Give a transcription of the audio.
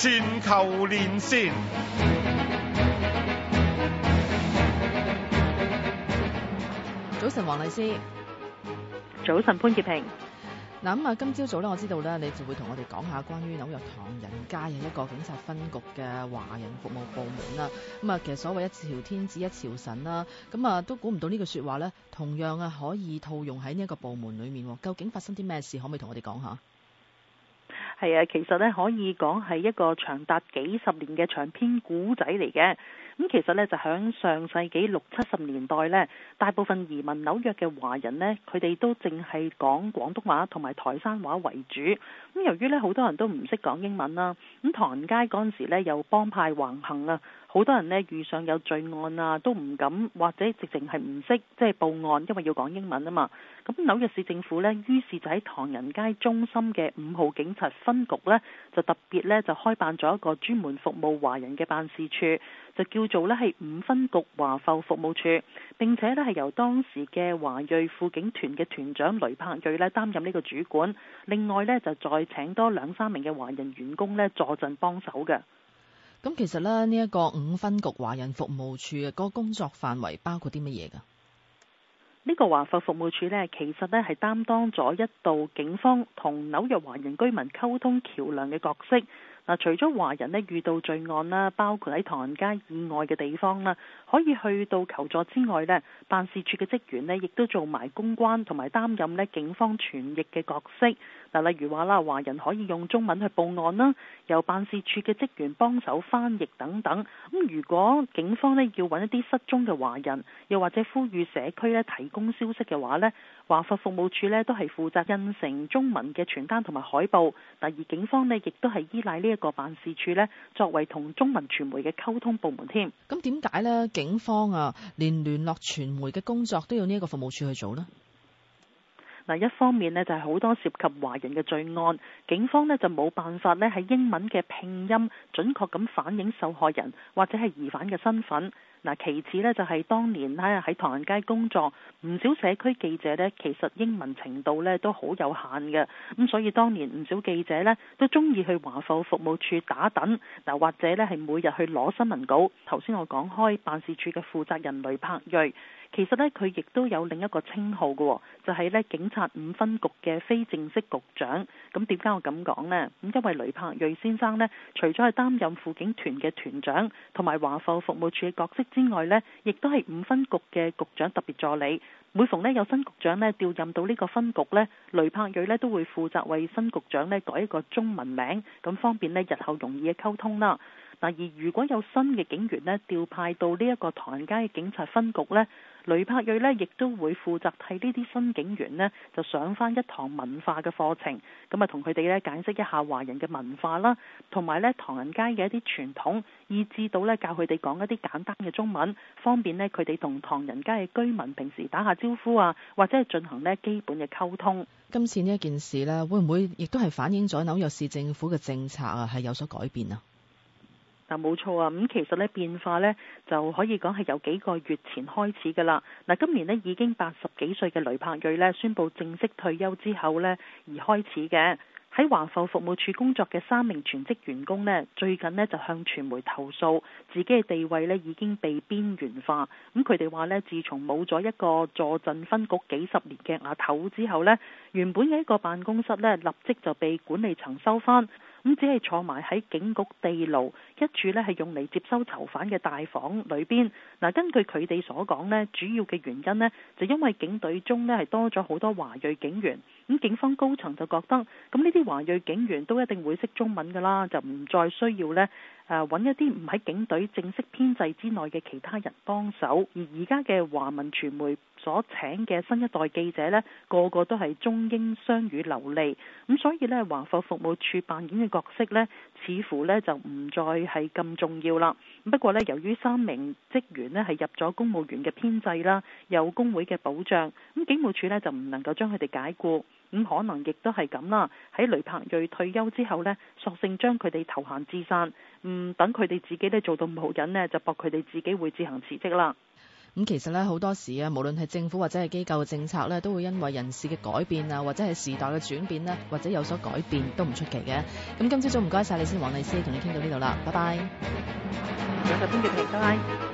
全球連線。早晨，黃麗施。早晨，潘潔平。嗱，咁啊，今朝早咧，我知道咧，你就會同我哋講下關於紐約唐人街嘅一個警察分局嘅華人服務部門啦。咁啊，其實所謂一朝天子一朝臣啦，咁啊，都估唔到呢句說話咧，同樣啊，可以套用喺呢一個部門裏面。究竟發生啲咩事？可唔可以同我哋講下？係啊，其實咧可以講係一個長達幾十年嘅長篇古仔嚟嘅。咁其實呢，就響上世紀六七十年代呢，大部分移民紐約嘅華人呢，佢哋都淨係講廣東話同埋台山話為主。咁由於呢，好多人都唔識講英文啦，咁唐人街嗰陣時呢又幫派橫行啊，好多人呢，遇上有罪案啊都唔敢或者直情係唔識即係、就是、報案，因為要講英文啊嘛。咁紐約市政府呢，於是就喺唐人街中心嘅五號警察分局呢，就特別呢，就開辦咗一個專門服務華人嘅辦事處，就叫做呢係五分局華埠服務處，並且咧，係由當時嘅華裔輔警團嘅團長雷柏瑞咧擔任呢個主管，另外呢，就再請多兩三名嘅華人員工呢坐陣幫手嘅。咁其實呢，呢一個五分局華人服務處嘅個工作範圍包括啲乜嘢噶？呢、這個華埠服務處呢，其實呢，係擔當咗一道警方同紐約華人居民溝通橋樑嘅角色。嗱，除咗華人咧遇到罪案啦，包括喺唐人街以外嘅地方啦，可以去到求助之外咧，辦事處嘅職員咧亦都做埋公關同埋擔任咧警方傳譯嘅角色。嗱，例如話啦，華人可以用中文去報案啦，由辦事處嘅職員幫手翻譯等等。咁如果警方咧要揾一啲失蹤嘅華人，又或者呼籲社區咧提供消息嘅話咧，華法服務處咧都係負責印成中文嘅傳單同埋海報。嗱，而警方咧亦都係依賴呢這個辦事處呢，作為同中文傳媒嘅溝通部門添。咁點解呢？警方啊，連聯絡傳媒嘅工作都要呢一個服務處去做呢？嗱，一方面呢，就係好多涉及華人嘅罪案，警方呢，就冇辦法呢，喺英文嘅拼音準確咁反映受害人或者係疑犯嘅身份。嗱，其次呢，就係當年喺唐人街工作唔少社區記者呢，其實英文程度呢都好有限嘅，咁所以當年唔少記者呢，都中意去華埠服務處打等，嗱，或者呢係每日去攞新聞稿。頭先我講開辦事處嘅負責人雷柏瑞，其實呢，佢亦都有另一個稱號嘅，就係呢警察五分局嘅非正式局長。咁點解我咁講呢？咁因為雷柏瑞先生呢，除咗係擔任輔警團嘅團長同埋華埠服務處嘅角色，之外咧，亦都係五分局嘅局長特別助理。每逢咧有新局長咧調任到呢個分局咧，雷柏睿咧都會負責為新局長咧改一個中文名，咁方便咧日後容易嘅溝通啦。嗱，而如果有新嘅警員咧調派到呢一個唐人街嘅警察分局咧，雷柏瑞咧亦都會負責替呢啲新警員咧就上翻一堂文化嘅課程咁啊，同佢哋咧解釋一下華人嘅文化啦，同埋咧唐人街嘅一啲傳統，以至到咧教佢哋講一啲簡單嘅中文，方便咧佢哋同唐人街嘅居民平時打下招呼啊，或者係進行咧基本嘅溝通。今次呢一件事咧，會唔會亦都係反映咗紐約市政府嘅政策啊，係有所改變啊？嗱冇錯啊，咁其實呢變化呢就可以講係由幾個月前開始㗎啦。嗱，今年呢已經八十幾歲嘅雷柏瑞呢宣布正式退休之後呢，而開始嘅。喺華埠服務處工作嘅三名全職員工呢，最近呢就向傳媒投訴，自己嘅地位呢已經被邊緣化。咁佢哋話呢，自從冇咗一個坐鎮分局幾十年嘅阿頭之後呢，原本嘅一個辦公室呢立即就被管理層收翻。咁只係坐埋喺警局地牢一處呢，係用嚟接收囚犯嘅大房裏邊。嗱，根據佢哋所講呢，主要嘅原因呢，就因為警隊中呢係多咗好多華裔警員，咁警方高層就覺得咁呢啲華裔警員都一定會識中文㗎啦，就唔再需要呢誒揾一啲唔喺警隊正式編制之內嘅其他人幫手，而而家嘅華文傳媒。所請嘅新一代記者呢，個個都係中英雙語流利，咁所以呢，華埠服務處扮演嘅角色呢，似乎呢就唔再係咁重要啦。不過呢，由於三名職員呢係入咗公務員嘅編制啦，有工會嘅保障，咁警務處呢就唔能夠將佢哋解雇。咁可能亦都係咁啦。喺雷柏瑞退休之後呢，索性將佢哋投閒置散。嗯，等佢哋自己呢做到唔好人呢，就博佢哋自己會自行辭職啦。咁其實咧，好多時啊，無論係政府或者係機構嘅政策咧，都會因為人事嘅改變啊，或者係時代嘅轉變咧，或者有所改變都唔出奇嘅。咁今朝早唔該曬你先，黃麗施同你傾到呢度啦，拜拜。謝謝再睇邊個停，拜拜。